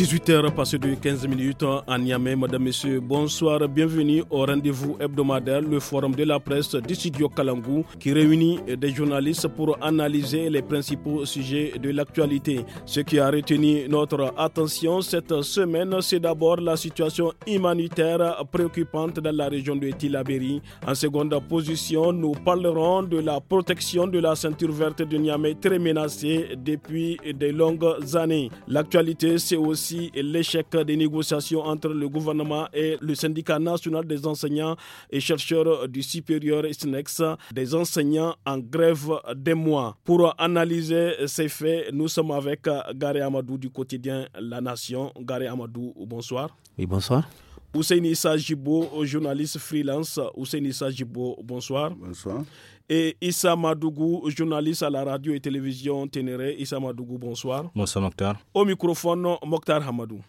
18h passé de 15 minutes à Niamey. Madame, Messieurs, bonsoir. Bienvenue au rendez-vous hebdomadaire, le forum de la presse du studio Kalangou, qui réunit des journalistes pour analyser les principaux sujets de l'actualité. Ce qui a retenu notre attention cette semaine, c'est d'abord la situation humanitaire préoccupante dans la région de Tilaberi. En seconde position, nous parlerons de la protection de la ceinture verte de Niamey, très menacée depuis de longues années. L'actualité, c'est aussi l'échec des négociations entre le gouvernement et le syndicat national des enseignants et chercheurs du supérieur SNEX, des enseignants en grève des mois. Pour analyser ces faits, nous sommes avec Gary Amadou du quotidien La Nation. Gary Amadou, bonsoir. Oui, bonsoir. Ousseini Sajibo, journaliste freelance. Ousseini Sajibo, bonsoir. Bonsoir et Issa Madougou, journaliste à la radio et télévision Ténéré. Issa Madougou, bonsoir. Bonsoir Mokhtar. Au microphone, Mokhtar Hamadou.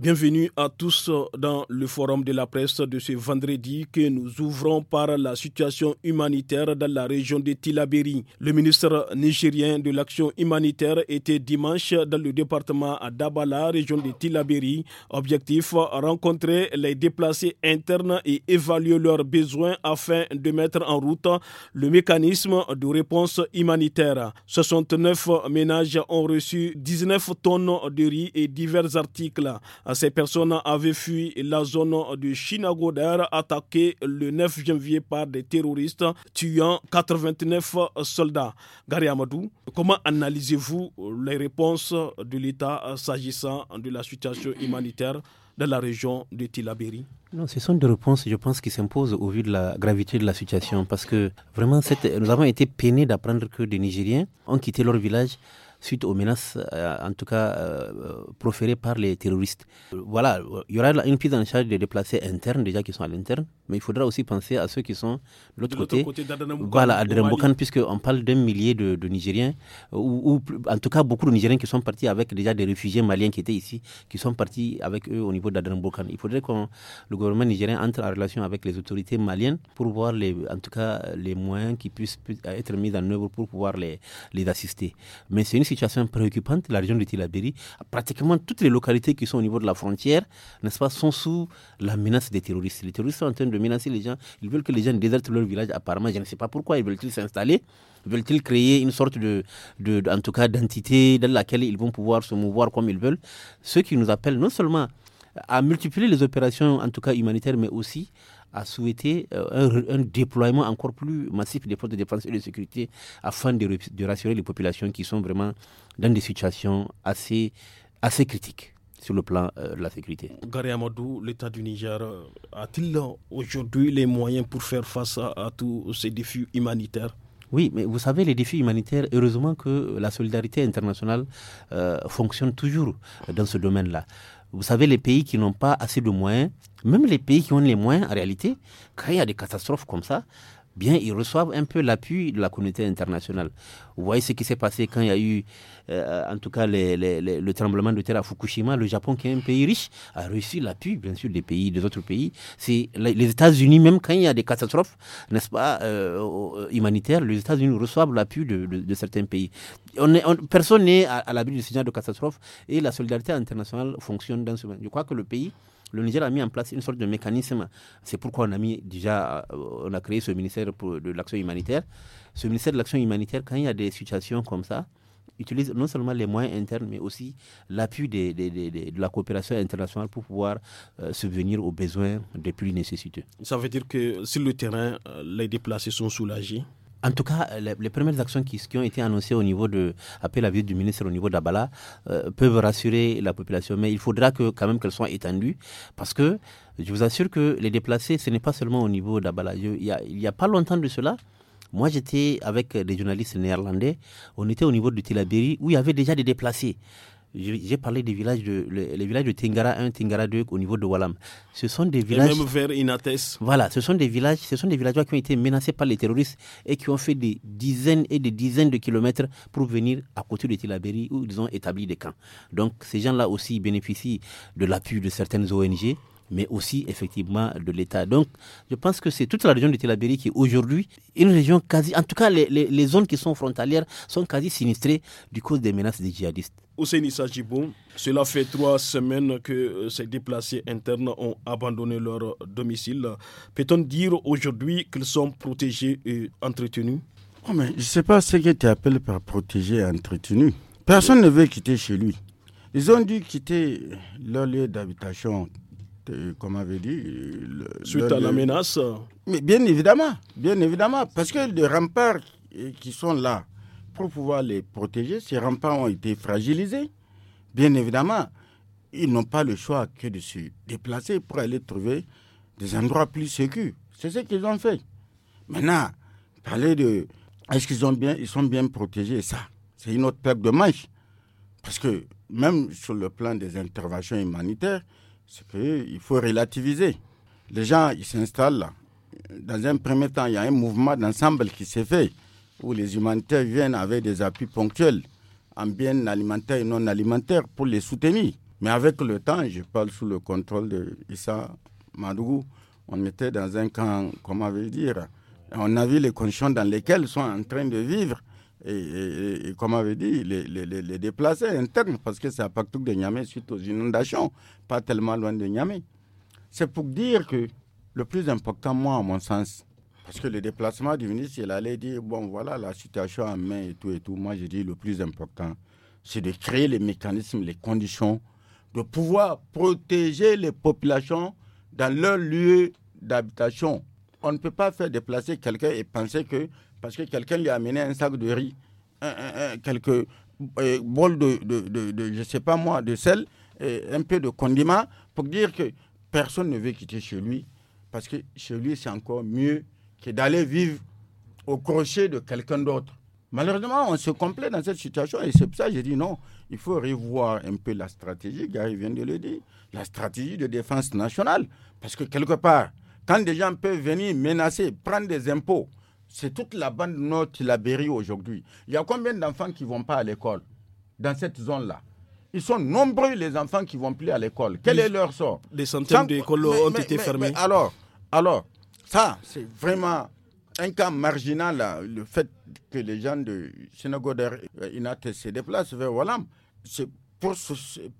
Bienvenue à tous dans le forum de la presse de ce vendredi que nous ouvrons par la situation humanitaire dans la région de Tilaberi. Le ministre nigérien de l'action humanitaire était dimanche dans le département à Dabala, région de Tilaberi. Objectif rencontrer les déplacés internes et évaluer leurs besoins afin de mettre en route le mécanisme de réponse humanitaire. 69 ménages ont reçu 19 tonnes de riz et divers articles. Ces personnes avaient fui la zone de Chinagoder, attaquée le 9 janvier par des terroristes tuant 89 soldats. Gary Amadou, comment analysez-vous les réponses de l'État s'agissant de la situation humanitaire dans la région de Tilaberi ce sont des réponses, je pense, qui s'imposent au vu de la gravité de la situation. Parce que vraiment, nous avons été peinés d'apprendre que des Nigériens ont quitté leur village suite aux menaces, euh, en tout cas, euh, proférées par les terroristes. Voilà, il y aura une prise en charge des déplacés internes, déjà qui sont à l'interne, mais il faudra aussi penser à ceux qui sont de l'autre côté. voilà, à Drembokan, puisqu'on parle d'un millier de, Nigériens, ou, en tout cas beaucoup de Nigériens qui sont partis avec déjà des réfugiés maliens qui étaient ici, qui sont partis avec eux au niveau d'Adrembokan. Il faudrait que le gouvernement nigérien entre en relation avec les autorités maliennes pour voir les, en tout cas les moyens qui puissent être mis en œuvre pour pouvoir les, les assister. Mais c'est une situation préoccupante. La région de Tilaberi, pratiquement toutes les localités qui sont au niveau de la frontière, n'est-ce pas, sont sous la menace des terroristes. Les terroristes sont en train de menacer les gens. Ils veulent que les gens désertent leur village. Apparemment, je ne sais pas pourquoi. Ils veulent-ils s'installer Veulent-ils créer une sorte de, de, en tout cas, d'entité dans laquelle ils vont pouvoir se mouvoir comme ils veulent Ce qui nous appelle non seulement à multiplier les opérations, en tout cas humanitaires, mais aussi a souhaité euh, un, déploiement encore plus massif des forces de défense et de sécurité afin de, rassurer les populations qui sont vraiment dans des situations assez, assez critiques sur le plan euh, de la sécurité. Gary Amadou, l'État du Niger euh, a-t-il aujourd'hui les moyens pour faire face à, tous ces défis humanitaires oui, mais vous savez, les défis humanitaires, heureusement que la solidarité internationale fonctionne toujours dans ce domaine-là. Vous savez, les pays qui n'ont pas assez de moyens même les pays qui ont les moyens, en réalité, quand il y a des catastrophes comme ça, bien, ils reçoivent un peu l'appui de la communauté internationale. Vous voyez ce qui s'est passé quand il y a eu, euh, en tout cas, le tremblement de terre à Fukushima. Le Japon, qui est un pays riche, a reçu l'appui, bien sûr, des pays, des autres pays. C'est les États-Unis, même quand il y a des catastrophes, n'est-ce pas, euh, euh, humanitaires, les États-Unis reçoivent l'appui de, certains pays. On personne n'est à, à l'abri de ce genre de catastrophe et la solidarité internationale fonctionne dans ce monde. Je crois que le pays le Niger a mis en place une sorte de mécanisme. C'est pourquoi on a mis déjà, euh, on a créé ce ministère de l'action humanitaire. Ce ministère de l'action humanitaire, quand il y a des situations comme ça, utilise non seulement les moyens internes, mais aussi l'appui de, la coopération internationale pour pouvoir euh, subvenir aux besoins des plus nécessiteux. Ça veut dire que sur le terrain, euh, les déplacés sont soulagés en tout cas, les, premières actions qui, ont été annoncées au niveau de, après l'avis du ministre au niveau d'Abala, euh, peuvent rassurer la population, mais il faudra que, quand même qu'elles soient étendues, parce que je vous assure que les déplacés, ce n'est pas seulement au niveau d'Abala. Il n'y a, pas longtemps de cela, moi, j'étais avec des journalistes néerlandais. On était au niveau de Tilaberi où il y avait déjà des déplacés. J'ai parlé des villages de, les, villages de Tingara 1, Tingara 2 au niveau de Walam. Ce sont des villages. même vers Inates. Voilà, ce sont des villages, ce sont des villageois qui ont été menacés par les terroristes et qui ont fait des dizaines et des dizaines de kilomètres pour venir à côté de Tilaberi où ils ont établi des camps. Donc, ces gens-là aussi bénéficient de l'appui de certaines ONG mais aussi effectivement de l'État. Donc, je pense que c'est toute la région de Télabéry qui est aujourd'hui une région quasi, en tout cas les, les, zones qui sont frontalières sont quasi sinistrées du cause des menaces des djihadistes. Nissa Sajibou, cela fait trois semaines que euh, ces déplacés internes ont abandonné leur domicile. Peut-on dire aujourd'hui qu'ils sont protégés et entretenus oh, mais Je ne sais pas ce que tu appelles par protégés et entretenus. Personne ne veut quitter chez lui. Ils ont dû quitter leur lieu d'habitation comme avait dit. Suite à la menace Mais bien évidemment, bien évidemment, parce que les remparts euh, qui sont là pour pouvoir les protéger, ces remparts ont été fragilisés. Bien évidemment, ils n'ont pas le choix que de se déplacer pour aller trouver des endroits plus sécurs. C'est ce qu'ils ont fait. Maintenant, parler de est-ce qu'ils ont bien, ils sont bien protégés, ça, c'est une autre perte de manche. Parce que même sur le plan des interventions humanitaires, c'est qu'il faut relativiser. Les gens, ils s'installent là. Dans un premier temps, il y a un mouvement d'ensemble qui s'est fait, où les humanitaires viennent avec des appuis ponctuels, en bien alimentaire et non alimentaire, pour les soutenir. Mais avec le temps, je parle sous le contrôle de Issa Madougou, on était dans un camp, comment veut dire, on a vu les conditions dans lesquelles ils sont en train de vivre et, comme avait dit, les, les, les déplacés internes, parce que c'est à Paktouk de Niamey suite aux inondations, pas tellement loin de Niamey. C'est pour dire que le plus important, moi, à mon sens, parce que le déplacement du ministre, il allait dire, bon, voilà la situation en main et tout et tout. Moi, je dis le plus important, c'est de créer les mécanismes, les conditions de pouvoir protéger les populations dans leur lieu d'habitation on ne peut pas faire déplacer quelqu'un et penser que parce que quelqu'un lui a amené un sac de riz, un, quelques euh, bols de, je sais pas moi, de sel, et euh, un peu de condiments, pour dire que personne ne veut quitter chez lui, parce que chez lui, c'est encore mieux que d'aller vivre au crochet de quelqu'un d'autre. Malheureusement, on se complaît dans cette situation et c'est pour ça que j'ai dit non, il faut revoir un peu la stratégie, Gary vient de le dire, la stratégie de défense nationale. Parce que quelque part, quand des gens peuvent venir menacer, prendre des impôts, c'est toute la bande nord qui la aujourd'hui. Il y a combien d'enfants qui ne vont pas à l'école dans cette zone-là ils sont nombreux les enfants qui ne vont plus à l'école. Quel est leur sort Des centaines d'écoles ont été fermés. fermées. alors, alors, ça, c'est vraiment un cas marginal, le fait que les gens de synagogue euh, d'Inate se déplacent vers Wallam. C'est pour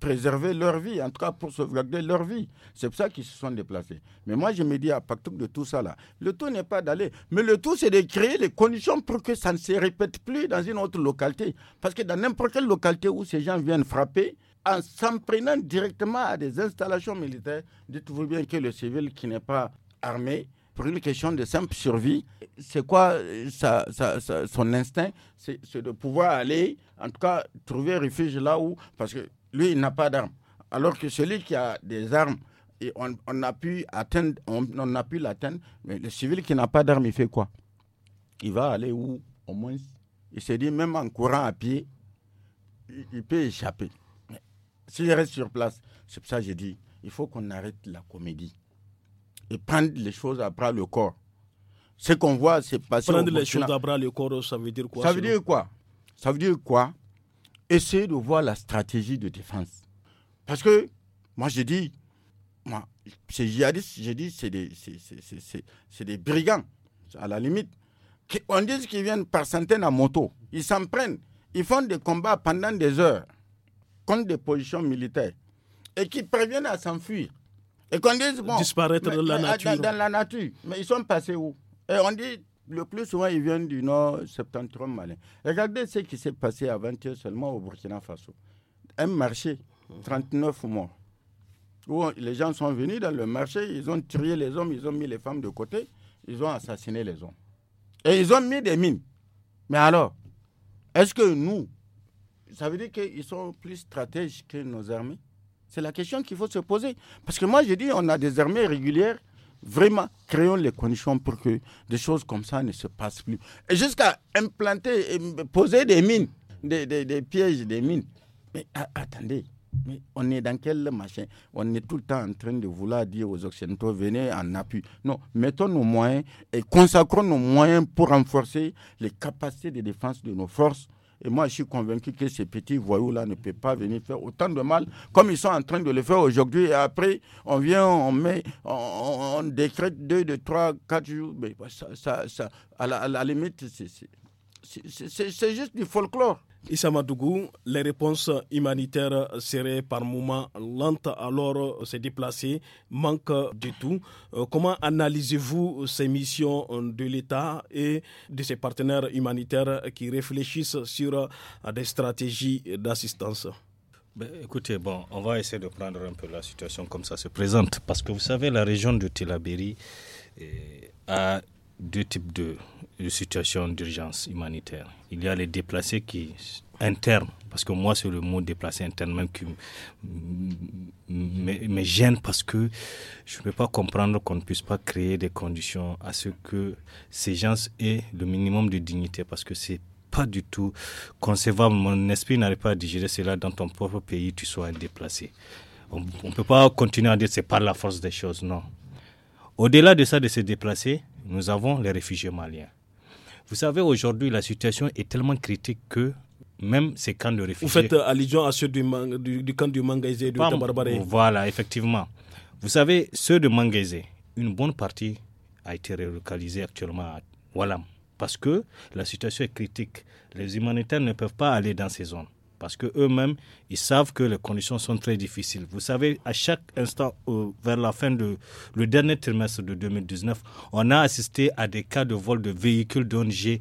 préserver leur vie, en tout cas pour sauvegarder leur vie. C'est pour ça qu'ils se sont déplacés. Mais moi, je me dis à partir de tout ça, là, le tout n'est pas d'aller. Mais le tout, c'est de créer les conditions pour que ça ne se répète plus dans une autre localité. Parce que dans n'importe quelle localité où ces gens viennent frapper, en s'en prenant directement à des installations militaires, dites-vous bien que le civil qui n'est pas armé, pour une question de simple survie. C'est quoi euh, son instinct C'est de pouvoir aller, en tout cas, trouver refuge là où. Parce que lui, il n'a pas d'armes. Alors que celui qui a des armes, on, a pu atteindre, on, pu l'atteindre, mais le civil qui n'a pas d'armes, il fait quoi Il va aller où Au moins, il se dit, même en courant à pied, il, peut échapper. S'il reste sur place, c'est ça que j'ai dit, il faut qu'on arrête la comédie et prendre les choses à bras le corps. Ce qu'on voit, c'est passer. Prendre les choses à bras le corps, ça veut dire quoi Ça veut dire quoi Ça veut dire quoi Essayer de voir la stratégie de défense. Parce que, moi, je dis, moi, ces djihadistes, je dis, c'est des, des brigands, à la limite. On dit qu'ils viennent par centaines à moto. Ils s'en prennent. Ils font des combats pendant des heures contre des positions militaires et qu'ils parviennent à s'enfuir. Et qu'on dise, bon, disparaître de la ah, nature. Dans, la nature. Mais ils sont passés où Et on dit, le plus souvent, ils viennent du nord septentrion malin. Regardez ce qui s'est passé avant-hier seulement au Burkina Faso. Un marché, 39 morts. Où les gens sont venus dans le marché, ils ont tué les hommes, ils ont mis les femmes de côté, ils ont assassiné les hommes. Et ils ont mis des mines. Mais alors, est-ce que nous, ça veut dire qu'ils sont plus stratèges que nos armées c'est la question qu'il faut se poser. Parce que moi, je dis, on a des armées régulières. Vraiment, créons les conditions pour que des choses comme ça ne se passent plus. Jusqu'à implanter, euh, poser des mines, des, pièges, des mines. Mais ah, attendez, mais on est dans quel machin On est tout le temps en train de vouloir dire aux Occidentaux, venez en appui. Non, mettons nos moyens et consacrons nos moyens pour renforcer les capacités de défense de nos forces et moi, je suis convaincu que ces petits voyous-là ne peuvent pas venir faire autant de mal comme ils sont en train de le faire aujourd'hui. Et après, on vient, on met, on, décrète deux, deux, trois, quatre jours. Mais ça, ça, à la limite, c'est c'est juste du folklore. Issa les réponses humanitaires seraient par moments lentes, alors euh, se déplacer manque de tout. Euh, comment analysez-vous ces missions de l'État et de ses partenaires humanitaires qui réfléchissent sur euh, des stratégies d'assistance ben, écoutez, bon, on va essayer de prendre un peu la situation comme ça se présente, parce que vous savez, la région de Telabéry eh, a deux types de de situation d'urgence humanitaire. Il y a les déplacés qui internes, parce que moi c'est le mot déplacé interne même qui me gêne parce que je ne peux pas comprendre qu'on ne puisse pas créer des conditions à ce que ces gens aient le minimum de dignité parce que c'est pas du tout concevable. Mon esprit n'arrive pas à digérer cela dans ton propre pays, tu sois déplacé. On ne peut pas continuer à dire c'est par la force des choses, non. Au-delà de ça, de se déplacer, nous avons les réfugiés maliens. Vous savez, aujourd'hui, la situation est tellement critique que même ces camps de réfugiés. Vous faites euh, allusion à ceux du, camp du Mangaisé du Tabarbaré. Voilà, effectivement. Vous savez, ceux de Mangaisé, une bonne partie a été relocalisée actuellement à Walam. Parce que la situation est critique. Les humanitaires ne peuvent pas aller dans ces zones parce que eux-mêmes, ils savent que les conditions sont très difficiles. Vous savez, à chaque instant, vers la fin de le dernier trimestre de 2019, on a assisté à des cas de vol de véhicules d'ONG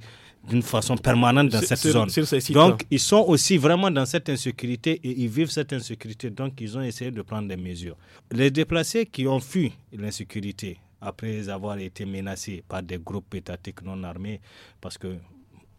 d'une façon permanente dans cette zone. Donc, ils sont aussi vraiment dans cette insécurité et ils vivent cette insécurité. Donc, ils ont essayé de prendre des mesures. Les déplacés qui ont fui l'insécurité après avoir été menacés par des groupes étatiques non armés, parce que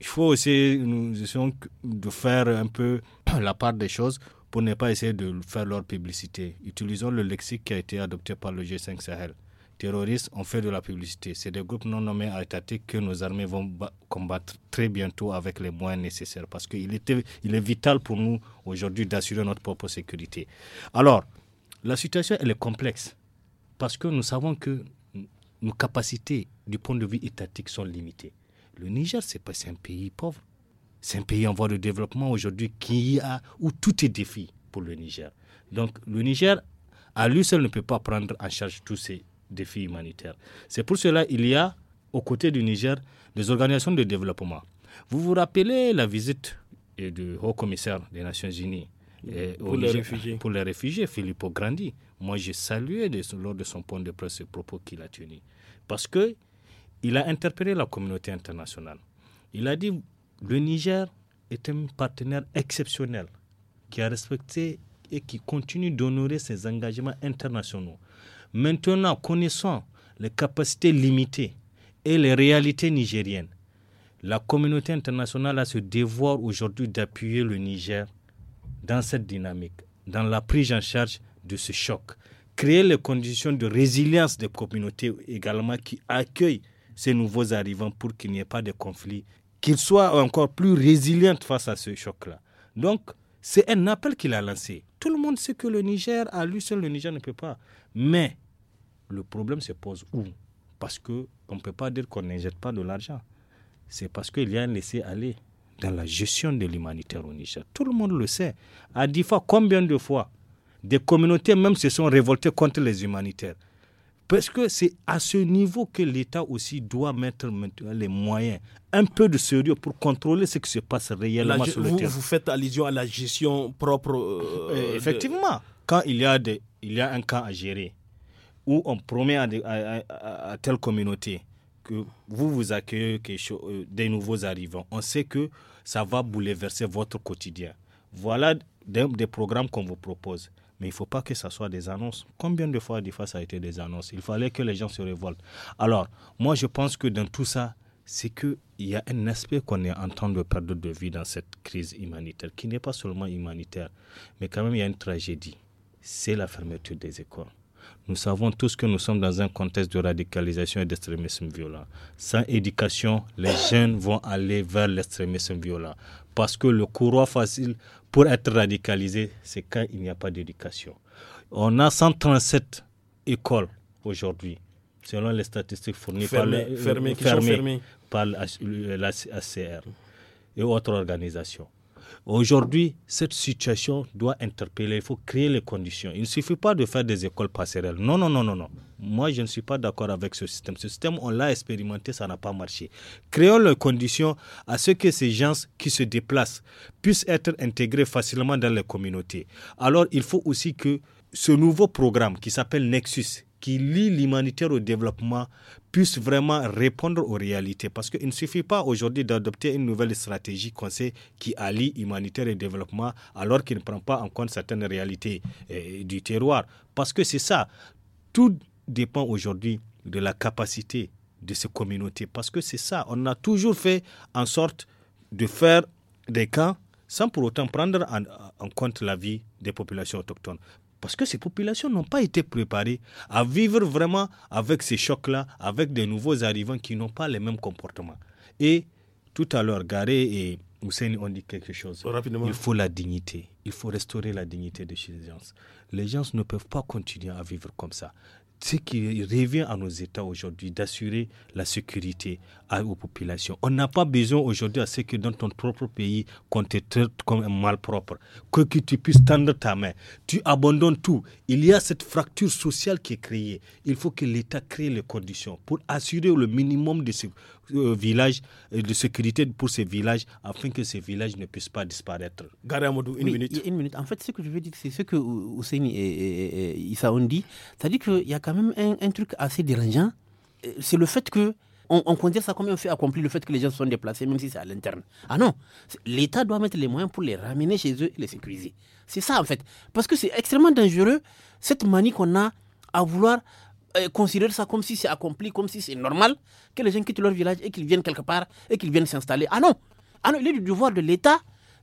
il faut aussi, nous essayons de faire un peu la part des choses pour ne pas essayer de faire leur publicité. Utilisons le lexique qui a été adopté par le G5 Sahel. Terroristes ont fait de la publicité. C'est des groupes non nommés étatiques que nos armées vont combattre très bientôt avec les moyens nécessaires parce qu'il il est vital pour nous aujourd'hui d'assurer notre propre sécurité. Alors, la situation, elle est complexe parce que nous savons que nos capacités du point de vue étatique sont limitées. Le Niger, c'est pas un pays pauvre. C'est un pays en voie de développement aujourd'hui qui a où tout est défi pour le Niger. Donc le Niger à lui seul ne peut pas prendre en charge tous ces défis humanitaires. C'est pour cela il y a aux côtés du Niger des organisations de développement. Vous vous rappelez la visite euh, du haut commissaire des Nations Unies euh, pour, les réfugiés. Philippe Filippo Grandi. Moi, j'ai salué lors de son point de presse ce propos qu'il a tenu. Parce que il a interpellé la communauté internationale. Il a dit le Niger est un partenaire exceptionnel qui a respecté et qui continue d'honorer ses engagements internationaux. Maintenant, connaissant les capacités limitées et les réalités nigériennes, la communauté internationale a ce devoir aujourd'hui d'appuyer le Niger dans cette dynamique, dans la prise en charge de ce choc. Créer les conditions de résilience des communautés également qui accueillent ces nouveaux arrivants pour qu'il n'y ait pas de conflit, qu'ils soient encore plus résilients face à ce choc-là. Donc, c'est un appel qu'il a lancé. Tout le monde sait que le Niger, à lui seul, le Niger ne peut pas. Mais le problème se pose où Parce qu'on ne peut pas dire qu'on n'injecte pas de l'argent. C'est parce qu'il y a un laisser-aller dans la gestion de l'humanitaire au Niger. Tout le monde le sait. À dix fois, combien de fois des communautés même se sont révoltées contre les humanitaires parce que c'est à ce niveau que l'État aussi doit mettre les moyens, un peu de sérieux pour contrôler ce qui se passe réellement sur le vous, terrain. Vous faites allusion à la gestion propre. Euh, euh, effectivement, quand il y, a des, il y a un camp à gérer, où on promet à, telle communauté que vous vous accueillez euh, des nouveaux arrivants, on sait que ça va bouleverser votre quotidien. Voilà des, des programmes qu'on vous propose. Mais il ne faut pas que ce soit des annonces. Combien de fois, des fois, ça a été des annonces Il fallait que les gens se révoltent. Alors, moi, je pense que dans tout ça, c'est qu'il y a un aspect qu'on est en train de perdre de vie dans cette crise humanitaire, qui n'est pas seulement humanitaire, mais quand même, il y a une tragédie. C'est la fermeture des écoles. Nous savons tous que nous sommes dans un contexte de radicalisation et d'extrémisme violent. Sans éducation, les jeunes vont aller vers l'extrémisme violent. Parce que le courroie facile pour être radicalisé, c'est quand il n'y a pas d'éducation. On a 137 écoles aujourd'hui, selon les statistiques fournies par, le, par l'ACR et autres organisations. Aujourd'hui, cette situation doit interpeller. Il faut créer les conditions. Il ne suffit pas de faire des écoles passerelles. Non, non, non, non, non. Moi, je ne suis pas d'accord avec ce système. Ce système, on l'a expérimenté, ça n'a pas marché. Créons les conditions à ce que ces gens qui se déplacent puissent être intégrés facilement dans les communautés. Alors, il faut aussi que ce nouveau programme qui s'appelle Nexus, qui lie l'humanitaire au développement puisse vraiment répondre aux réalités. Parce qu'il ne suffit pas aujourd'hui d'adopter une nouvelle stratégie conseil qui allie humanitaire et développement alors qu'il ne prend pas en compte certaines réalités eh, du terroir. Parce que c'est ça. Tout dépend aujourd'hui de la capacité de ces communautés. Parce que c'est ça. On a toujours fait en sorte de faire des camps sans pour autant prendre en, compte la vie des populations autochtones. Parce que ces populations n'ont pas été préparées à vivre vraiment avec ces chocs-là, avec des nouveaux arrivants qui n'ont pas les mêmes comportements. Et tout à l'heure, Garé et Hussein ont dit quelque chose. Oh, Il faut la dignité. Il faut restaurer la dignité de les gens. Les gens ne peuvent pas continuer à vivre comme ça ce qui revient à nos États aujourd'hui, d'assurer la sécurité aux populations. On n'a pas besoin aujourd'hui à ce que dans ton propre pays, qu'on te traite comme un malpropre, que, que tu puisses tendre ta main. Tu abandonnes tout. Il y a cette fracture sociale qui est créée. Il faut que l'État crée les conditions pour assurer le minimum de sécurité euh, villages euh, de sécurité pour ces villages afin que ces villages ne puissent pas disparaître. une minute. Une minute. En fait, ce que je veux dire, c'est ce que Ousseini et, et, ont dit. C'est-à-dire qu'il y a quand même un, truc assez dérangeant. Euh, c'est le fait que on, on, considère ça comme un fait accompli, le fait que les gens sont déplacés, même si c'est à l'interne. Ah non, l'État doit mettre les moyens pour les ramener chez eux et les sécuriser. C'est ça en fait. Parce que c'est extrêmement dangereux, cette manie qu'on a à vouloir euh, Considère ça comme si c'est accompli, comme si c'est normal que les gens quittent leur village et qu'ils viennent quelque part et qu'ils viennent s'installer. Ah non Ah non, il est du devoir de l'État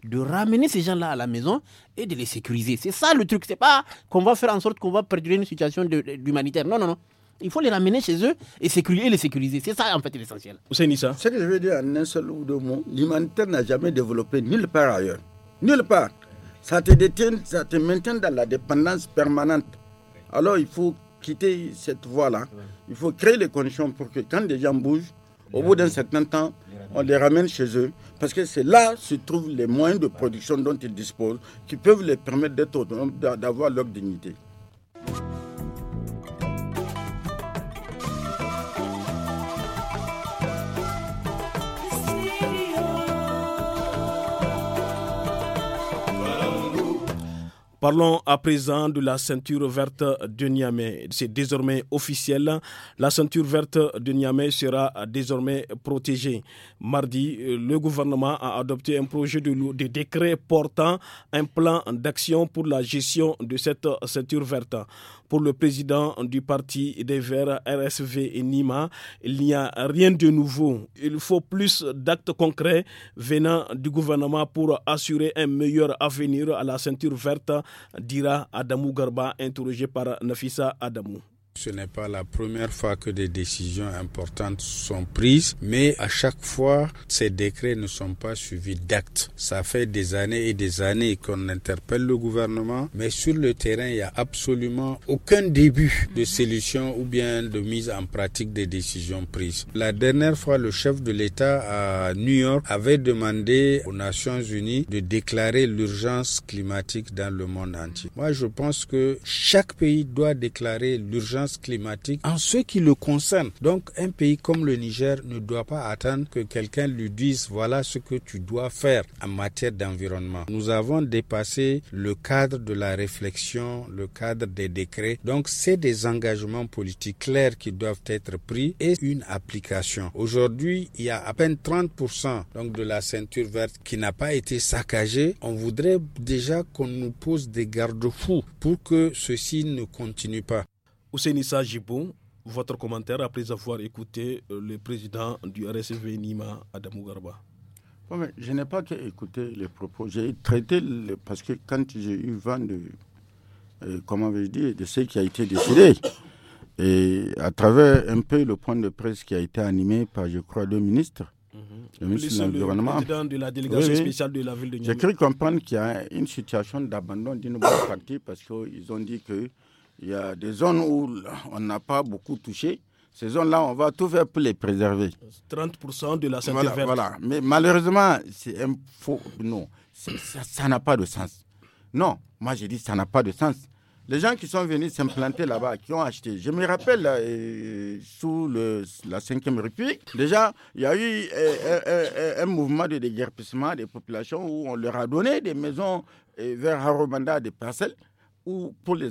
de ramener ces gens-là à la maison et de les sécuriser. C'est ça le truc. C'est pas qu'on va faire en sorte qu'on va perdurer une situation d'humanitaire. Non, non, non. Il faut les ramener chez eux et, sécuriser, les sécuriser. C'est ça en fait l'essentiel. Nissa. Ce que je veux dire en un seul ou deux mots, l'humanitaire n'a jamais développé nulle part ailleurs. Nulle part. Ça te détient, ça te maintient dans la dépendance permanente. Alors il faut quitter cette voie-là, il faut créer les conditions pour que quand des gens bougent, au bout d'un certain temps, on les ramène chez eux, parce que c'est là se trouvent les moyens de production dont ils disposent, qui peuvent les permettre d'être autonomes, d'avoir leur dignité. Parlons à présent de la ceinture verte de Niamey. C'est désormais officiel. La ceinture verte de Niamey sera désormais protégée. Mardi, le gouvernement a adopté un projet de, décret portant un plan d'action pour la gestion de cette ceinture verte. Pour le président du parti des Verts RSV et Nima, il n'y a rien de nouveau. Il faut plus d'actes concrets venant du gouvernement pour assurer un meilleur avenir à la ceinture verte dira Adamou Garba, interrogé par Nafisa Adamou. Ce n'est pas la première fois que des décisions importantes sont prises, mais à chaque fois, ces décrets ne sont pas suivis d'actes. Ça fait des années et des années qu'on interpelle le gouvernement, mais sur le terrain, il n'y a absolument aucun début de solution ou bien de mise en pratique des décisions prises. La dernière fois, le chef de l'État à New York avait demandé aux Nations Unies de déclarer l'urgence climatique dans le monde entier. Moi, je pense que chaque pays doit déclarer l'urgence climatique en ce qui le concerne. Donc un pays comme le Niger ne doit pas attendre que quelqu'un lui dise voilà ce que tu dois faire en matière d'environnement. Nous avons dépassé le cadre de la réflexion, le cadre des décrets. Donc c'est des engagements politiques clairs qui doivent être pris et une application. Aujourd'hui, il y a à peine 30% donc de la ceinture verte qui n'a pas été saccagée. On voudrait déjà qu'on nous pose des garde-fous pour que ceci ne continue pas. Ousenissa Gibon votre commentaire après avoir écouté euh, le président du RSV Nima, Adamou Garba. je n'ai pas qu'à écouter les propos. J'ai traité, parce que quand j'ai eu vent de, euh, comment dire, de ce qui a été décidé, et à travers un peu le point de presse qui a été animé par, je crois, deux ministres, mhm. le ministre de l'Environnement. président de la délégation spéciale de la ville de J'ai cru comprendre qu'il y a une situation d'abandon d'une bonne partie parce qu'ils ont dit que il y a des zones où on n'a pas beaucoup touché. Ces zones-là, on va tout faire pour les préserver. 30% de la santé voilà, verte. Voilà. Mais malheureusement, c'est un faux. Non, ça n'a pas de sens. Non, moi j'ai dit ça n'a pas de sens. Les gens qui sont venus s'implanter là-bas, qui ont acheté, je me rappelle, sous la 5e République, déjà, il y a eu euh, euh, euh, un mouvement de déguerpissement des populations où on leur a donné des maisons vers Haromanda, des parcelles, pour les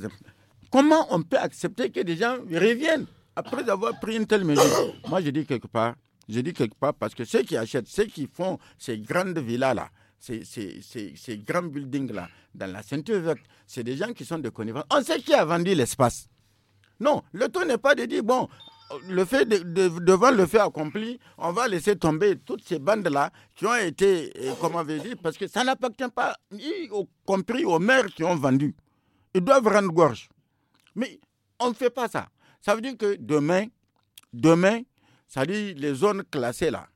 Comment on peut accepter que des gens reviennent après avoir pris une telle mesure Moi, je dis quelque part, je dis quelque part parce que ceux qui achètent, ceux qui font ces grandes villas-là, ces, ces, ces, grands buildings-là, dans la ceinture verte, c'est des gens qui sont de connivence. On sait qui a vendu l'espace. Non, le tout n'est pas de dire, bon, le fait de, devant le fait accompli, on va laisser tomber toutes ces bandes-là qui ont été, euh, comment vous dire, parce que ça n'appartient pas, y compris aux maires qui ont vendu. Ils doivent rendre gorge. Mais on ne fait pas ça. Ça veut dire que demain, demain, ça dit les zones classées là,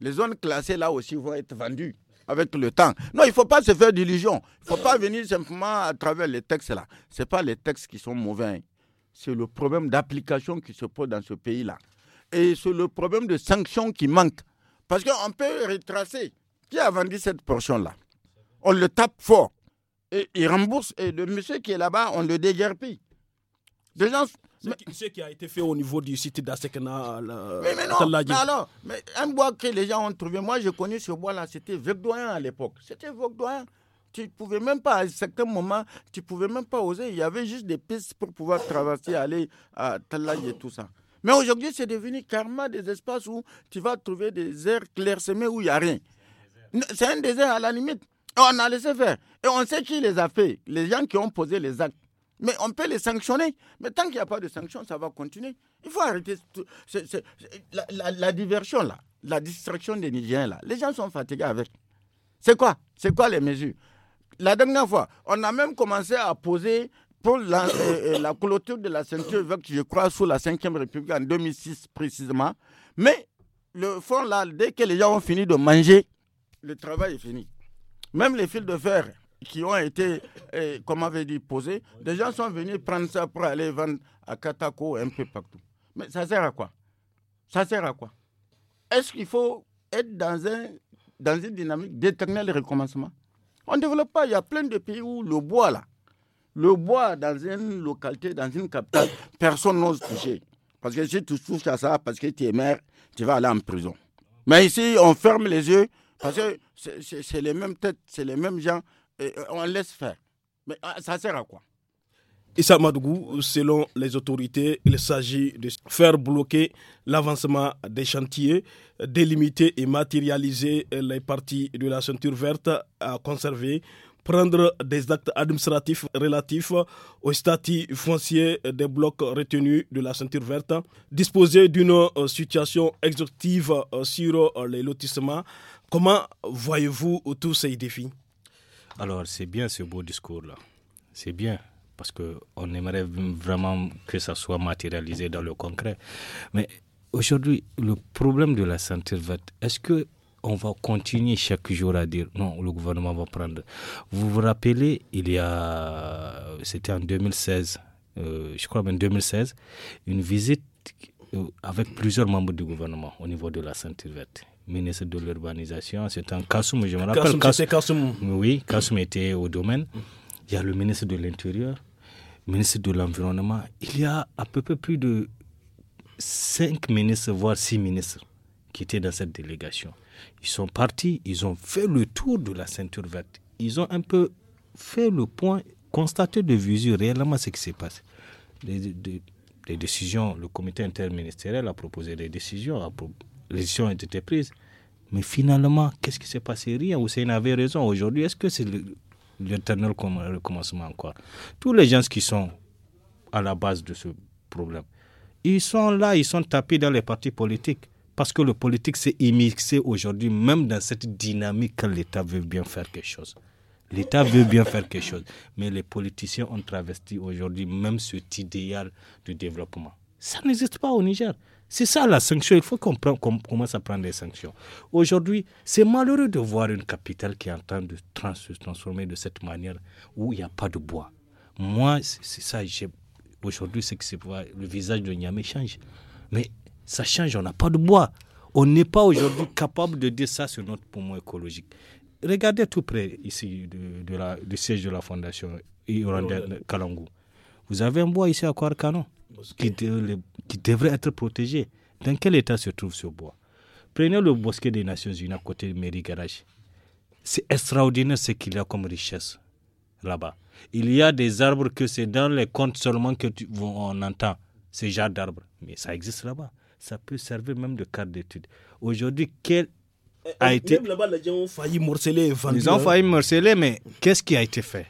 les zones classées là aussi vont être vendues avec le temps. Non, il ne faut pas se faire d'illusions. Il ne faut pas venir simplement à travers les textes là. Ce pas les textes qui sont mauvais. C'est le problème d'application qui se pose dans ce pays-là. Et c'est le problème de sanctions qui manque. Parce qu'on peut retracer qui a vendu cette portion-là. On le tape fort. Et il rembourse. Et le monsieur qui est là-bas, on le déguerpit. Ce, qui, ce, qui, a été fait au niveau du site d'Asekena. Euh, mais, mais non, mais alors, un bois que les gens ont trouvé, moi j'ai connu ce bois-là, c'était Vegdoyen à l'époque. C'était Vegdoyen. Tu pouvais même pas, à certains moments, tu pouvais même pas oser. Il y avait juste des pistes pour pouvoir traverser, aller à Talladj et tout ça. Mais aujourd'hui, c'est devenu karma des espaces où tu vas trouver des airs clairsemées où il n'y a rien. C'est un désert à la limite. on a laissé faire. Et on sait qui les a fait. Les gens qui ont posé les actes. Mais on peut les sanctionner. Mais tant qu'il n'y a pas de sanctions, ça va continuer. Il faut arrêter la, diversion, là, la distraction des Nigériens. Là. Les gens sont fatigués avec. C'est quoi C'est quoi les mesures La dernière fois, on a même commencé à poser pour la, euh, euh, clôture de la ceinture je crois, sous la 5 République en 2006 précisément. Mais le fond, là, dès que les gens ont fini de manger, le travail est fini. Même les fils de fer, qui ont été, euh, comme avait dit, des gens sont venus prendre ça pour aller vendre à Katako un peu partout. Mais ça sert à quoi Ça sert à quoi Est-ce qu'il faut être dans, un, dans une dynamique d'éternel recommencement On ne développe pas. Il y a plein de pays où le bois, là, le bois dans une localité, dans une capitale, personne n'ose toucher. Parce que si tu touches à ça, parce que tu es maire, tu vas aller en prison. Mais ici, on ferme les yeux parce que c'est les mêmes têtes, c'est les mêmes gens. Euh, euh, on laisse faire. Mais ah, ça sert à quoi ça Madougou, selon les autorités, il s'agit de faire bloquer l'avancement des chantiers, délimiter et matérialiser les parties de la ceinture verte à conserver, prendre des actes administratifs relatifs au statut foncier des blocs retenus de la ceinture verte, disposer d'une euh, situation exhaustive sur les lotissements. Comment voyez-vous tous ces défis alors, c'est bien ce beau discours-là. C'est bien parce qu'on aimerait vraiment que ça soit matérialisé dans le concret. Mais aujourd'hui, le problème de la santé verte, est-ce que on va continuer chaque jour à dire non, le gouvernement va prendre. Vous vous rappelez, il y a, c'était en 2016, euh, je crois en 2016, une visite euh, avec plusieurs membres du gouvernement au niveau de la santé verte ministre de l'urbanisation. C'est un Kassoum, je me rappelle. Kassoum, Kassoum. Oui, Kassoum était au domaine. Il y a le ministre de l'Intérieur, ministre de l'Environnement. Il y a à peu près plus de cinq ministres, voire six ministres, qui étaient dans cette délégation. Ils sont partis, ils ont fait le tour de la ceinture verte. Ils ont un peu fait le point, constaté de visu réellement ce qui s'est passé. Des, des, décisions, le comité interministériel a proposé des décisions, à les décisions ont été prises. Mais finalement, qu'est-ce qui s'est passé Rien. Hussein avait raison. Aujourd'hui, est-ce que c'est l'éternel recommencement encore Tous les gens qui sont à la base de ce problème, ils sont là, ils sont tapés dans les partis politiques. Parce que le politique s'est immixé aujourd'hui, même dans cette dynamique que l'État veut bien faire quelque chose. L'État veut bien faire quelque chose. Mais les politiciens ont travesti aujourd'hui même cet idéal de développement. Ça n'existe pas au Niger. C'est ça la sanction. Il faut qu'on commence à prendre des sanctions. Aujourd'hui, c'est malheureux de voir une capitale qui est en train de trans se transformer de cette manière où il n'y a pas de bois. Moi, c'est ça. Aujourd'hui, c'est que le visage de Niamey change. Mais ça change, on n'a pas de bois. On n'est pas aujourd'hui capable de dire ça sur notre poumon écologique. Regardez tout près ici de, de la, du siège de la fondation Kalangu. Vous avez un bois ici à Kouarkano qui, devrait être protégé. Dans quel état se trouve ce bois Prenez le bosquet des Nations Unies à côté de Mary C'est extraordinaire ce qu'il y a comme richesse là-bas. Il y a des arbres que c'est dans les contes seulement que tu, on entend, ces genre d'arbres. Mais ça existe là-bas. Ça peut servir même de carte d'étude. Aujourd'hui, quel a eh, été. là-bas, les gens ont failli morceler. Ils ont hein. failli morceler, mais qu'est-ce qui a été fait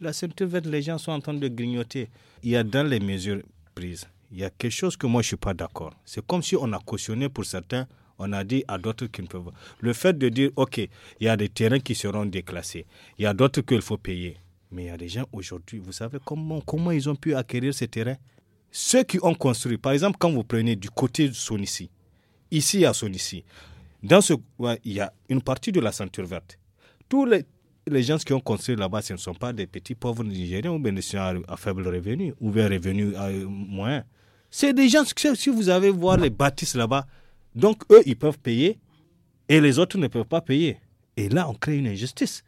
La ceinture verte, les gens sont en train de grignoter. Il y a dans les mesures prise. Il y a quelque chose que moi je ne suis pas d'accord. C'est comme si on a cautionné pour certains, on a dit à d'autres qu'ils ne peuvent pas. Le fait de dire, OK, il y a des terrains qui seront déclassés, il y a d'autres qu'il faut payer. Mais il y a des gens aujourd'hui, vous savez comment, comment ils ont pu acquérir ces terrains Ceux qui ont construit, par exemple, quand vous prenez du côté de Sonissi, ici à Sonissi, dans ce, il y a une partie de la ceinture verte. Tous les, les gens qui ont construit là-bas, ce ne sont pas des petits pauvres Nigériens ou bien des gens à faible revenu ou bien revenus moyen C'est des gens, si vous avez voir les bâtisses là-bas, donc eux, ils peuvent payer et les autres ne peuvent pas payer. Et là, on crée une injustice.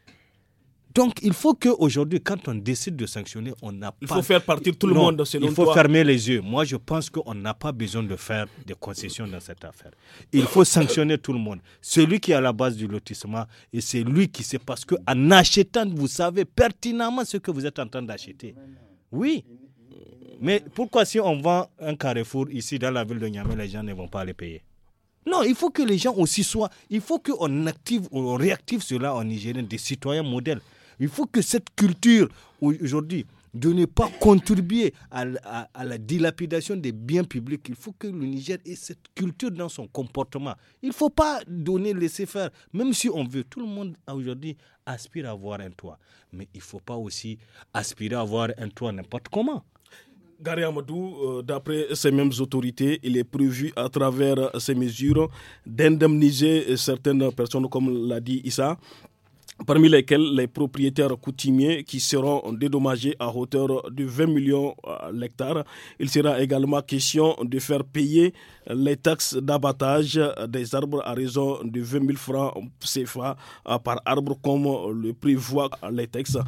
Donc, il faut qu'aujourd'hui, quand on décide de sanctionner, on n'a pas. Il faut faire partir tout le dans monde, selon Il faut fermer les yeux. Moi, je pense qu'on n'a pas besoin de faire des concessions dans cette affaire. Il faut sanctionner tout le monde. Celui qui est à la base du lotissement, et c'est lui qui sait, parce qu'en achetant, vous savez pertinemment ce que vous êtes en train d'acheter. Oui. Mais pourquoi, si on vend un carrefour ici dans la ville de Niamey, les gens ne vont pas les payer non, il faut que les gens aussi soient. Il faut qu'on active, ou réactive cela en Nigerien, des citoyens modèles. Il faut que cette culture aujourd'hui de ne pas contribuer à, la dilapidation des biens publics. Il faut que le Niger ait cette culture dans son comportement. Il ne faut pas donner, laisser faire. Même si on veut, tout le monde aujourd'hui aspire à avoir un toit. Mais il ne faut pas aussi aspirer à avoir un toit n'importe comment. Gary Amadou, euh, d'après ces mêmes autorités, il est prévu à travers ces mesures d'indemniser certaines personnes, comme l'a dit Issa, parmi lesquels les propriétaires coutumiers qui seront dédommagés à hauteur de 20 millions d'hectares. Euh, Il sera également question de faire payer les taxes d'abattage des arbres à raison de 20 000 francs CFA euh, par arbre comme le prévoient les textes.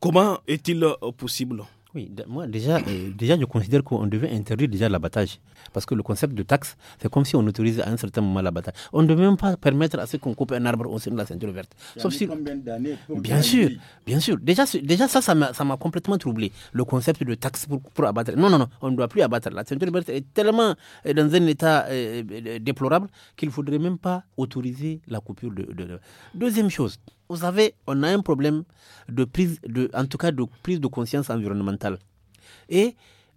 Comment est-il possible moi déjà, euh, déjà je considère qu'on devait interdire déjà l'abattage. Parce que le concept de taxe, c'est comme si on autorisait à un certain moment l'abattage. On ne devait même pas permettre à ce qu'on coupe un arbre au sein de la ceinture verte. Sauf si... bien sûr, bien sûr. Déjà, déjà ça, ça m'a complètement troublé. Le concept de taxe pour, abattre. Non, non, non, on ne doit plus abattre. La ceinture verte est tellement dans un état euh, euh, déplorable qu'il ne faudrait même pas autoriser la coupure de. Deuxième chose, vous savez, on a un problème de prise, de, en tout cas de prise de conscience environnementale. Et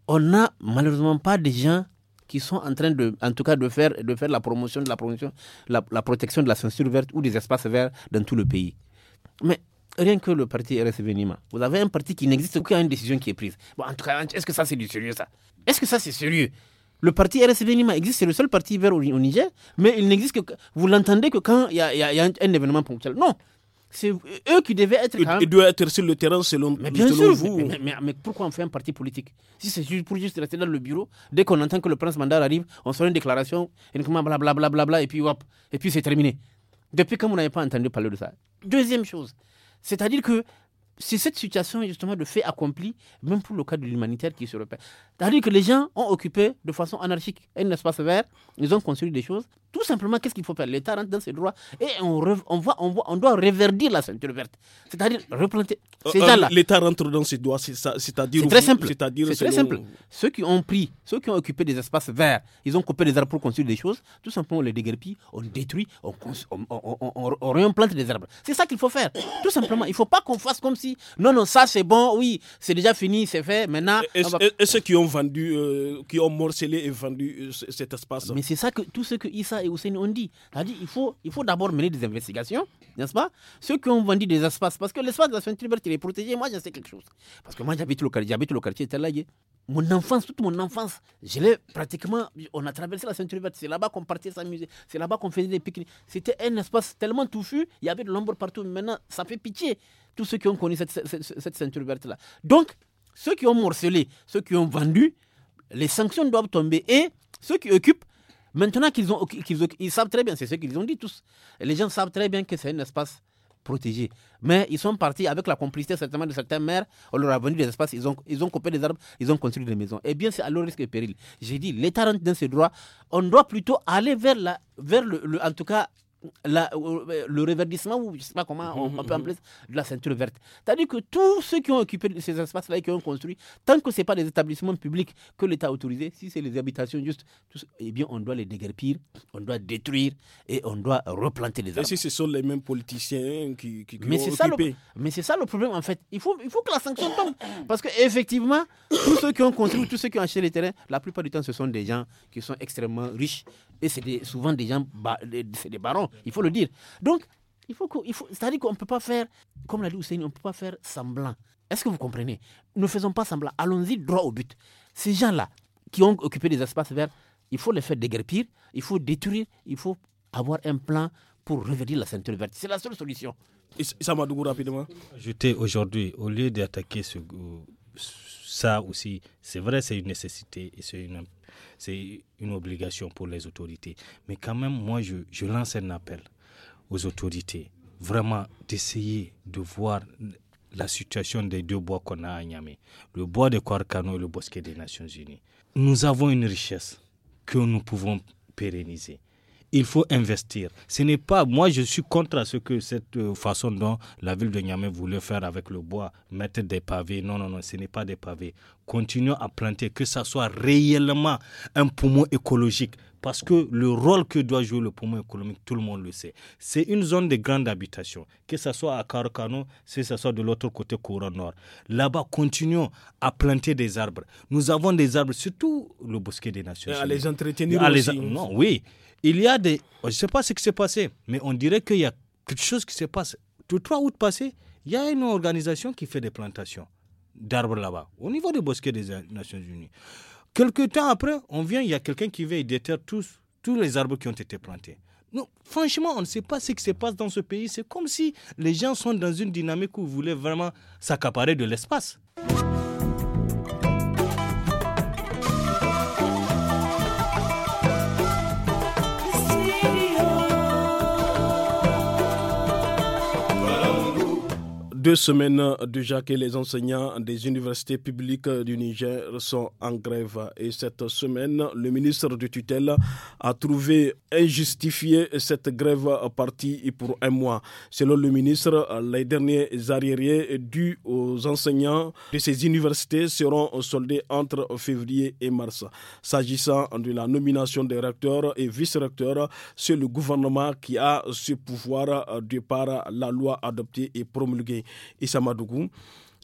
on n'a malheureusement pas des gens qui sont en train de, en tout cas, de faire, de faire la promotion de la promotion, la, protection de la censure verte ou des espaces verts dans tout le pays. Mais rien que le parti RSV Nima, vous avez un parti qui n'existe qu'à une décision qui est prise. Bon, en tout cas, est-ce que ça c'est du sérieux ça Est-ce que ça c'est sérieux le parti RSV Nima existe, c'est le seul parti vert au, Niger, mais il n'existe que. Vous l'entendez que quand il y, a, un événement ponctuel. Non, c'est eux qui devaient être. Ils doivent être sur le terrain selon, vous. Mais, pourquoi on fait un parti politique Si c'est juste pour juste rester dans le bureau, dès qu'on entend que le prince Mandar arrive, on sort une déclaration, et puis hop, et puis c'est terminé. Depuis quand vous n'avez pas entendu parler de ça Deuxième chose, c'est-à-dire que c'est cette situation justement de fait accompli, même pour le cas de l'humanitaire qui se repère. C'est-à-dire que les gens ont occupé de façon anarchique un espace vert, ils ont construit des choses. Tout simplement, qu'est-ce qu'il faut faire L'État rentre dans ses droits et on, on, voit, on, voit, on doit reverdir la ceinture verte. C'est-à-dire replanter euh, euh, L'État rentre dans ses droits, c'est-à-dire... C'est très simple. C'est très simple. Ceux qui ont pris, ceux qui ont occupé des espaces verts, ils ont coupé des arbres pour construire des choses, tout simplement on les déguerpit, on détruit, on, on, on, on réimplante des arbres. C'est ça qu'il faut faire. Tout simplement, il ne faut pas qu'on fasse comme si non, non, ça c'est bon, oui, c'est déjà fini, c'est fait. Maintenant. Et, ceux qui ont vendu, euh, qui ont morcelé et vendu euh, cet espace. Mais c'est ça que tout ce que Issa et Hussein ont dit. a dit il faut, il faut d'abord mener des investigations, n'est-ce pas Ceux qui ont vendu des espaces, parce que l'espace de la Sainte-Liberté, est protégé. Moi, j'en sais quelque chose. Parce que moi, j'habite le, quartier, j'habite le quartier là mon enfance, toute mon enfance, je l'ai pratiquement. On a traversé la ceinture verte. C'est là-bas qu'on partait s'amuser. C'est là-bas qu'on faisait des pique-niques. C'était un espace tellement touffu. Il y avait de l'ombre partout. Maintenant, ça fait pitié. Tous ceux qui ont connu cette, ceinture verte-là. Donc, ceux qui ont morcelé, ceux qui ont vendu, les sanctions doivent tomber. Et ceux qui occupent, maintenant qu'ils ont, ils savent très bien, c'est ce qu'ils ont dit tous. Les gens savent très bien que c'est un espace protégés. Mais ils sont partis avec la complicité certainement de certains maires. On leur a vendu des espaces, ils ont, ils ont coupé des arbres, ils ont construit des maisons. Eh bien, c'est à leur risque et péril. J'ai dit, l'État rentre dans ses droits. On doit plutôt aller vers, la, vers le en tout cas, euh, euh, le reverdissement, ou je sais pas comment on, peut mhm, en place, mhm, mhm. de la ceinture verte. C'est-à-dire que tous ceux qui ont occupé ces espaces-là et qui ont construit, tant que ce n'est pas des établissements publics que l'État a autorisé, si c'est les habitations juste, eh bien, on doit les déguerpir, on doit détruire et on doit replanter les arbres. Et si ce sont les mêmes politiciens qui, qui, mais ont occupé. mais c'est ça le problème, en fait. Il faut, il faut que la sanction tombe. Parce qu'effectivement, tous ceux qui ont construit, tous ceux qui ont acheté les terrains, la plupart du temps, ce sont des gens qui sont extrêmement riches, et c'est souvent des gens, c'est des barons, il faut le dire. Donc, il faut qu'il faut, c'est-à-dire qu'on ne peut pas faire, comme l'a dit Hussein, on ne peut pas faire semblant. Est-ce que vous comprenez Ne faisons pas semblant. Allons-y droit au but. Ces gens-là qui ont occupé des espaces verts, il faut les faire déguerpir, il faut détruire, il faut avoir un plan pour revenir la ceinture verte. C'est la seule solution. Samadougou, rapidement. J'étais aujourd'hui, au lieu d'attaquer ça aussi, c'est vrai, c'est une nécessité et c'est une c'est une obligation pour les autorités. Mais quand même, moi, je, lance un appel aux autorités, vraiment d'essayer de voir la situation des deux bois qu'on a à Niamey, le bois de Kwarkano et le bosquet des Nations Unies. Nous avons une richesse que nous pouvons pérenniser il faut investir. Ce n'est pas, moi je suis contre ce que cette euh, façon dont la ville de Niamey voulait faire avec le bois, mettre des pavés. Non, non, non, ce n'est pas des pavés. Continuons à planter, que ce soit réellement un poumon écologique. Parce que le rôle que doit jouer le poumon écologique, tout le monde le sait. C'est une zone de grande habitation, que ce soit à Carcano, que ce soit de l'autre côté, courant nord. Là-bas, continuons à planter des arbres. Nous avons des arbres, surtout le bosquet des Nations Unies. À les entretenir aussi. Non, oui il y a des. Je ne sais pas ce qui s'est passé, mais on dirait qu'il y a quelque chose qui se passe. Le 3 août passé, il y a une organisation qui fait des plantations d'arbres là-bas, au niveau des bosquets des Nations Unies. Quelque temps après, on vient, il y a quelqu'un qui veut déterrer tous, tous les arbres qui ont été plantés. Non, franchement, on ne sait pas ce qui se passe dans ce pays. C'est comme si les gens sont dans une dynamique où ils voulaient vraiment s'accaparer de l'espace. deux semaines déjà que les enseignants des universités publiques du Niger sont en grève. Et cette semaine, le ministre de tutelle a trouvé injustifié cette grève partie pour un mois. Selon le ministre, les derniers arriérés dus aux enseignants de ces universités seront soldés entre février et mars. S'agissant de la nomination des recteurs et vice-recteurs, c'est le gouvernement qui a ce pouvoir de par la loi adoptée et promulguée. Et Samadougou.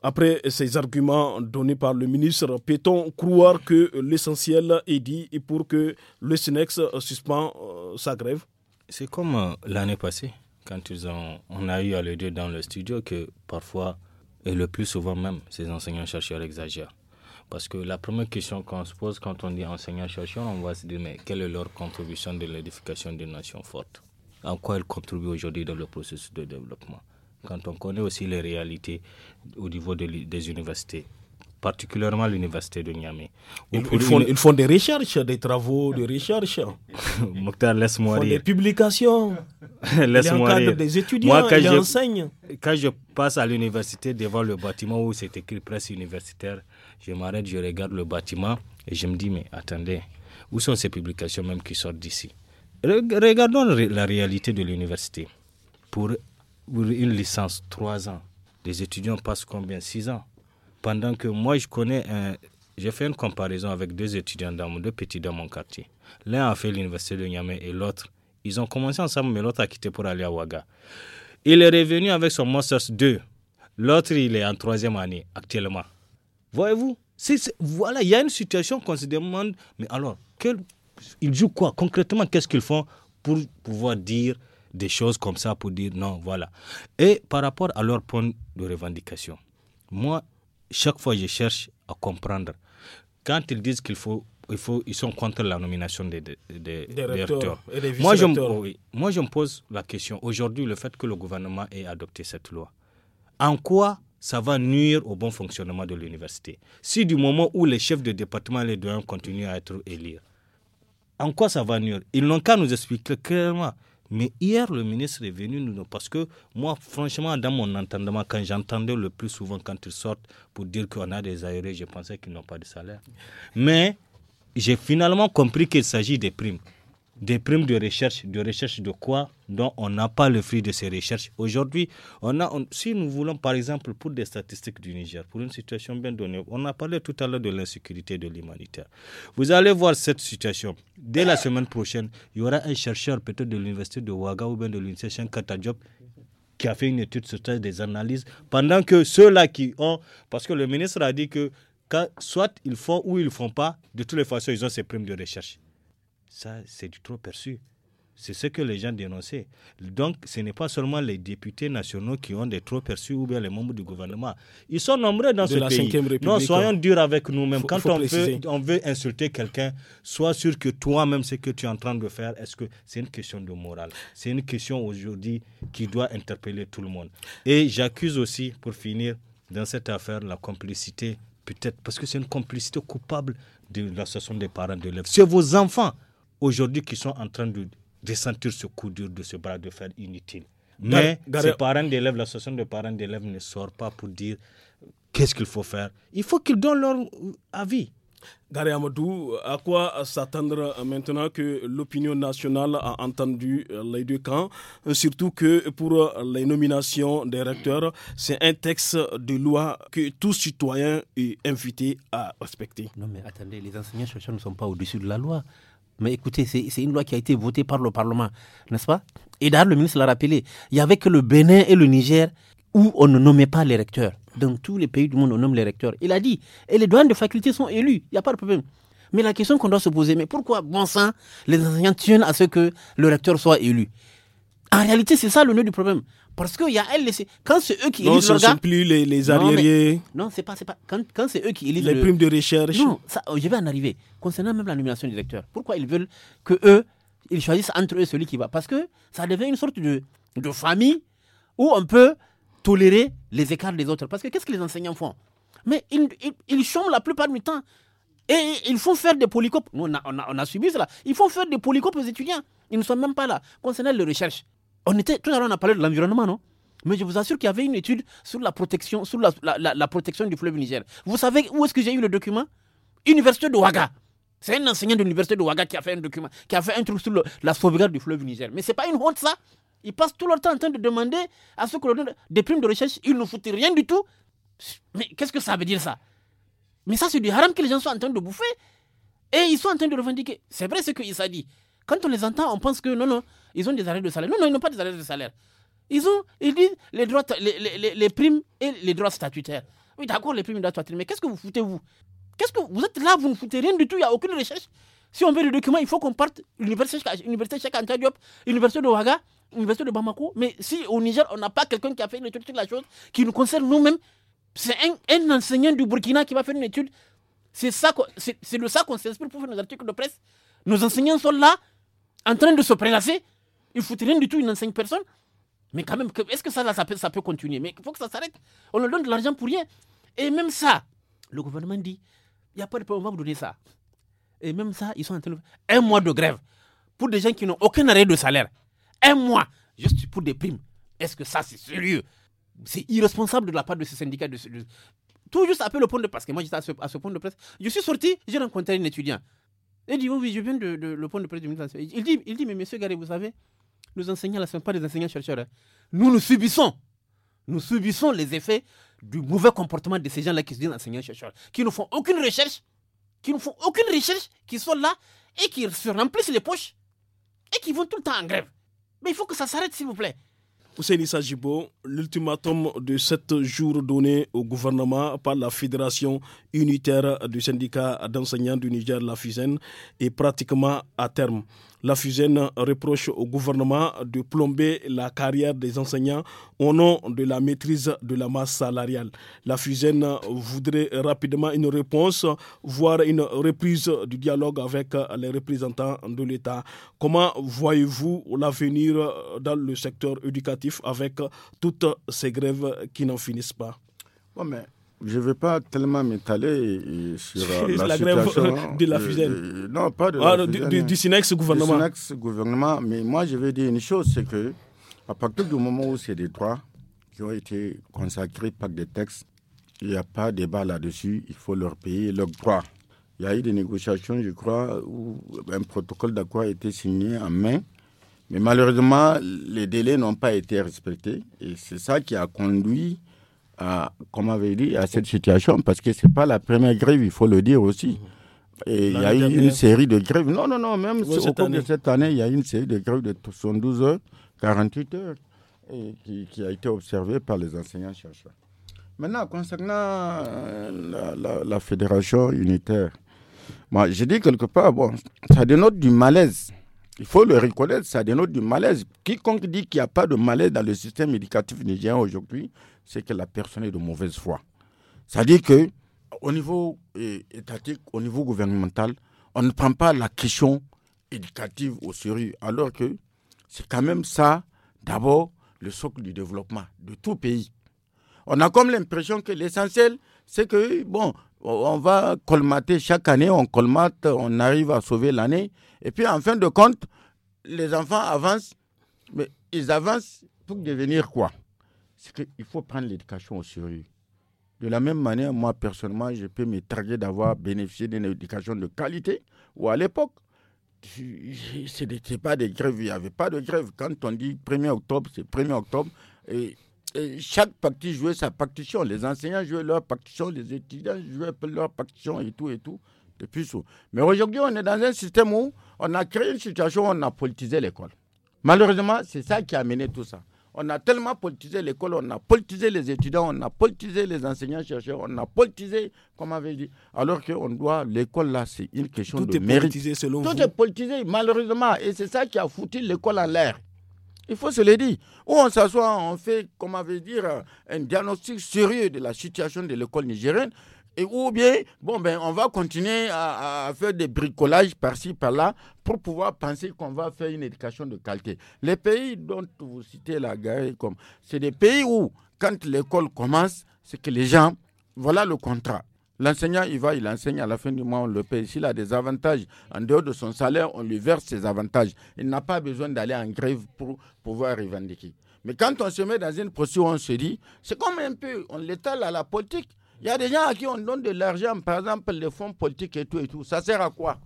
Après ces arguments donnés par le ministre, peut-on croire que l'essentiel est dit pour que le SINEX suspend euh, sa grève C'est comme euh, l'année passée, quand ils ont, on a eu à le dire dans le studio que parfois, et le plus souvent même, ces enseignants-chercheurs exagèrent. Parce que la première question qu'on se pose quand on dit enseignants-chercheurs, on va se dire mais quelle est leur contribution de l'édification d'une nation forte En quoi ils contribuent aujourd'hui dans le processus de développement quand on connaît aussi les réalités au niveau des universités particulièrement l'université de Niamey. Ils, font, font, des recherches, des travaux de recherche. Mokhtar, laisse-moi rire. font des publications. laisse-moi Moi, quand ils je, Quand je passe à l'université devant le bâtiment où c'est écrit presse universitaire, je m'arrête, je regarde le bâtiment et je me dis, mais attendez, où sont ces publications même qui sortent d'ici Regardons la réalité de l'université. Pour une licence, trois ans. Les étudiants passent combien Six ans. Pendant que moi, je connais un. J'ai fait une comparaison avec deux étudiants dans mon, deux petits dans mon quartier. L'un a fait l'université de Niamey et l'autre, ils ont commencé ensemble, mais l'autre a quitté pour aller à Ouaga. Il est revenu avec son Masters 2. L'autre, il est en troisième année actuellement. Voyez-vous Voilà, il y a une situation qu'on se demande, mais alors, quel, ils jouent quoi Concrètement, qu'est-ce qu'ils font pour pouvoir dire des choses comme ça pour dire non, voilà. Et par rapport à leur point de revendication, moi, chaque fois, je cherche à comprendre. Quand ils disent qu'il faut, il faut, ils sont contre la nomination des, des, recteurs. moi, je, moi, je me pose la question. Aujourd'hui, le fait que le gouvernement ait adopté cette loi, en quoi ça va nuire au bon fonctionnement de l'université Si du moment où les chefs de département les doyens continuent à être élus, en quoi ça va nuire Ils n'ont qu'à nous expliquer clairement mais hier, le ministre est venu nous parce que moi, franchement, dans mon entendement, quand j'entendais le plus souvent quand ils sortent pour dire qu'on a des aérés, je pensais qu'ils n'ont pas de salaire. Mais j'ai finalement compris qu'il s'agit des primes des primes de recherche, de recherche de quoi dont on n'a pas le fruit de ces recherches. Aujourd'hui, on a, si nous voulons, par exemple, pour des statistiques du Niger, pour une situation bien donnée, on a parlé tout à l'heure de l'insécurité de l'humanitaire. Vous allez voir cette situation. Dès la semaine prochaine, il y aura un chercheur peut-être de l'université de Ouaga ou bien de l'université kata Diop qui a fait une étude sur des analyses, pendant que ceux-là qui ont, parce que le ministre a dit que soit ils font ou ils ne font pas, de toutes les façons, ils ont ces primes de recherche. Ça, c'est du trop perçu. C'est ce que les gens dénonçaient. Donc, ce n'est pas seulement les députés nationaux qui ont des trop perçus ou bien les membres du gouvernement. Ils sont nombreux dans ce pays. Non, soyons hein. durs avec nous-mêmes. Quand on, veut, on, veut, insulter quelqu'un, sois sûr que toi-même, ce que tu es en train de faire, est-ce que c'est une question de morale C'est une question aujourd'hui qui doit interpeller tout le monde. Et j'accuse aussi, pour finir, dans cette affaire, la complicité, peut-être, parce que c'est une complicité coupable de l'association des parents d'élèves. C'est vos enfants aujourd'hui qui sont en train de, ressentir ce coup dur de ce bras de fer inutile. Mais les parents d'élèves, l'association de parents d'élèves ne sort pas pour dire qu'est-ce qu'il faut faire. Il faut qu'ils donnent leur avis. Gary Amadou, à quoi s'attendre maintenant que l'opinion nationale a entendu les deux camps, surtout que pour les nominations des recteurs, c'est un texte de loi que tout citoyen est invité à respecter. Non mais attendez, les enseignants sociaux ne sont pas au-dessus de la loi. Mais écoutez, c'est une loi qui a été votée par le Parlement, n'est-ce pas Et d'ailleurs, le ministre l'a rappelé, il n'y avait que le Bénin et le Niger où on ne nommait pas les recteurs. Dans tous les pays du monde, on nomme les recteurs. Il a dit, et les douanes de faculté sont élus, il n'y a pas de problème. Mais la question qu'on doit se poser, mais pourquoi, bon sang, les enseignants tiennent à ce que le recteur soit élu En réalité, c'est ça le nœud du problème. Parce qu'il y a elle, quand c'est eux qui élisent. Non, ce ne sont plus les, les arriérés. Non, ce c'est pas, pas. Quand, c'est eux qui élisent. Les primes de recherche. Non, ça, oh, je vais en arriver. Concernant même la nomination du directeur, pourquoi ils veulent que eux, ils choisissent entre eux celui qui va Parce que ça devient une sorte de, de famille où on peut tolérer les écarts des autres. Parce que qu'est-ce que les enseignants font Mais ils, ils, la plupart du temps. Et ils font faire des polycopes. on a, on, a, on a, subi cela. Ils font faire des polycopes aux étudiants. Ils ne sont même pas là. Concernant les recherches, on était, tout à l'heure, on a parlé de l'environnement, non mais je vous assure qu'il y avait une étude sur la protection, sur la, protection du fleuve Niger. Vous savez où est-ce que j'ai eu le document Université de Ouaga. C'est un enseignant de l'université de Ouaga qui a fait un document, qui a fait un truc sur la sauvegarde du fleuve Niger. Mais c'est pas une honte ça Ils passent tout leur temps en train de demander à ceux qui ont des primes de recherche, ils ne foutent rien du tout. Mais qu'est-ce que ça veut dire ça Mais ça c'est du haram que les gens sont en train de bouffer. Et ils sont en train de revendiquer. C'est vrai ce qu'il s'est dit. Quand on les entend, on pense que non, non, ils ont des arrêts de salaire. Non, non, ils n'ont pas des arrêts de salaire. Ils ont, ils disent les droits, les, primes et les droits statutaires. Oui, d'accord, les primes et les droits statutaires, mais qu'est-ce que vous foutez, vous Qu'est-ce que vous êtes là, vous ne foutez rien du tout, il n'y a aucune recherche. Si on veut le document, il faut qu'on parte l'université université Cheikh Diop, l'université de Ouaga, l'université de Bamako. Mais si au Niger, on n'a pas quelqu'un qui a fait une étude sur la chose, qui nous concerne nous-mêmes, c'est un, enseignant du Burkina qui va faire une étude. C'est ça, c'est de ça qu'on s'inspire pour faire nos articles de presse. Nos enseignants sont là, en train de se prélasser. Il ne rien du tout, il n'enseigne personne. Mais quand même, est-ce que ça, ça peut, continuer Mais il faut que ça s'arrête. On leur donne de l'argent pour rien. Et même ça, le gouvernement dit, il n'y a pas de problème, on va vous donner ça. Et même ça, ils sont en train de... Un mois de grève pour des gens qui n'ont aucun arrêt de salaire. Un mois juste pour des primes. Est-ce que ça, c'est sérieux C'est irresponsable de la part de ces syndicats. De, tout juste après le point de presse, parce que moi j'étais à, ce, point de presse, je suis sorti, j'ai rencontré un étudiant. Il dit, oui, oh oui, je viens de, le point de près du ministre. Il dit, il mais monsieur Garé, vous savez, nous enseignants, là, ce ne sont pas des enseignants-chercheurs. Hein. Nous, nous subissons. Nous subissons les effets du mauvais comportement de ces gens-là qui se disent enseignants-chercheurs, qui ne font aucune recherche, qui ne font aucune recherche, qui sont là et qui se remplissent les poches et qui vont tout le temps en grève. Mais il faut que ça s'arrête, s'il vous plaît. Issa Jibo, l'ultimatum de sept jours donné au gouvernement par la Fédération unitaire du syndicat d'enseignants du Niger, la FUSEN, est pratiquement à terme. La FUSEN reproche au gouvernement de plomber la carrière des enseignants au nom de la maîtrise de la masse salariale. La FUSEN voudrait rapidement une réponse, voire une reprise du dialogue avec les représentants de l'État. Comment voyez-vous l'avenir dans le secteur éducatif avec euh, toutes ces grèves qui n'en finissent pas. mais je ne vais pas tellement m'étaler sur euh, la, grève situation. de la euh, fusée. Non, pas ah, du, Sinex gouvernement. gouvernement. Mais moi, je vais dire une chose, c'est que à partir du moment où c'est des droits qui ont été consacrés par des textes, il n'y a pas de débat là-dessus. Il faut leur payer leurs droits. Il y a eu des négociations, je crois, où un protocole d'accord a été signé en main mais malheureusement, les délais n'ont pas été respectés. Et c'est ça qui a conduit à, comme avait dit, à cette situation, parce que ce n'est pas la première grève, il faut le dire aussi. Et il y a eu une série de grèves. Non, non, non, même au cours de cette année, il y a eu une série de grèves de 72 heures, 48 heures, qui, a été observée par les enseignants-chercheurs. Maintenant, concernant euh, la, fédération unitaire, moi, je dis quelque part, bon, ça dénote du malaise il faut le reconnaître, ça dénote du malaise. Quiconque dit qu'il n'y a pas de malaise dans le système éducatif nigérien aujourd'hui, c'est que la personne est de mauvaise foi. Ça à dire que au niveau eh, étatique, au niveau gouvernemental, on ne prend pas la question éducative au sérieux, alors que c'est quand même ça, d'abord, le socle du développement de tout pays. On a comme l'impression que l'essentiel, c'est que, bon, on va colmater chaque année, on colmate, on arrive à sauver l'année. Et puis en fin de compte, les enfants avancent, mais ils avancent pour devenir quoi C'est qu'il faut prendre l'éducation au sérieux. De la même manière, moi personnellement, je peux me targuer d'avoir bénéficié d'une éducation de qualité, ou à l'époque, ce n'était pas des grèves, il n'y avait pas de grève. Quand on dit 1er octobre, c'est 1er octobre, et chaque parti jouait sa partition. Les enseignants jouaient leur partition, les étudiants jouaient leur partition et tout et tout. Mais aujourd'hui, on est dans un système où on a créé une situation où on a politisé l'école. Malheureusement, c'est ça qui a amené tout ça. On a tellement politisé l'école, on a politisé les étudiants, on a politisé les enseignants-chercheurs, on a politisé, comme avait dit, alors qu'on doit, l'école là, c'est une question de mérite. Tout est selon Tout est politisé, malheureusement, et c'est ça qui a foutu l'école en l'air. Il faut se le dire. Ou on s'assoit, on fait, comment veut dire, un diagnostic sérieux de la situation de l'école nigérienne. Et ou bien, bon, ben, on va continuer à, à faire des bricolages par-ci, par-là, pour pouvoir penser qu'on va faire une éducation de qualité. Les pays dont vous citez la guerre, c'est des pays où, quand l'école commence, c'est que les gens, voilà le contrat. L'enseignant, il va, il enseigne, à la fin du mois, on le paye. S'il a des avantages, en dehors de son salaire, on lui verse ses avantages. Il n'a pas besoin d'aller en grève pour pouvoir revendiquer. Mais quand on se met dans une procédure, on se dit, c'est comme un peu, on l'étale à la politique. Il y a des gens à qui on donne de l'argent, par exemple, les fonds politiques et tout et tout. Ça sert à quoi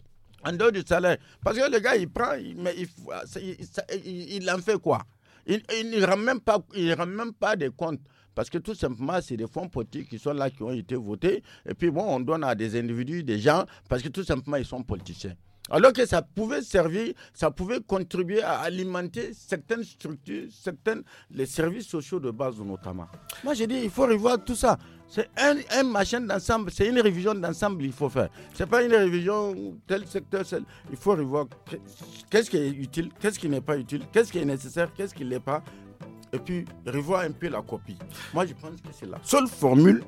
En dehors du salaire. Parce que le gars, il prend, mais il, en fait quoi il, ne pas, il ne rend même pas des comptes. Parce que tout simplement, c'est des fonds politiques qui sont là, qui ont été votés. Et puis bon, on donne à des individus, des gens, parce que tout simplement, ils sont politiciens. Alors que ça pouvait servir, ça pouvait contribuer à alimenter certaines structures, certaines, les services sociaux de base notamment. Moi, j'ai dit, il faut revoir tout ça. C'est un, machin d'ensemble, c'est une révision d'ensemble qu'il faut faire. C'est pas une révision tel secteur, il faut revoir qu'est-ce qui est utile, qu'est-ce qui n'est pas utile, qu'est-ce qui est nécessaire, qu'est-ce qui ne l'est pas et puis revoir un peu la copie. Moi, je pense que c'est la seule formule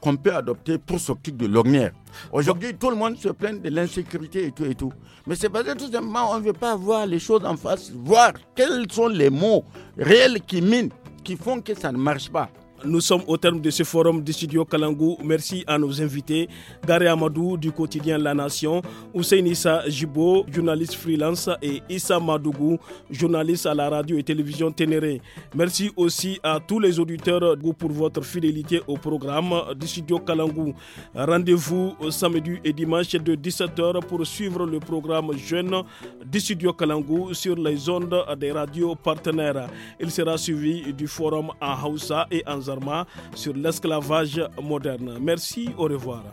qu'on peut adopter pour sortir de l'ornière. Aujourd'hui, tout le monde se plaint de l'insécurité et tout et tout. Mais c'est parce que tout simplement, on ne veut pas voir les choses en face, voir quels sont les mots réels qui minent, qui font que ça ne marche pas. Nous sommes au terme de ce forum du studio Kalangou. Merci à nos invités. Gary Amadou du quotidien La Nation, Hussein Issa Jibo, journaliste freelance et Issa Madougou, journaliste à la radio et télévision Ténéré. Merci aussi à tous les auditeurs pour votre fidélité au programme du studio Kalangou. Rendez-vous samedi et dimanche de 17h pour suivre le programme Jeune du studio Kalangou sur les ondes des radios partenaires. Il sera suivi du forum en Hausa et en sur l'esclavage moderne. Merci, au revoir.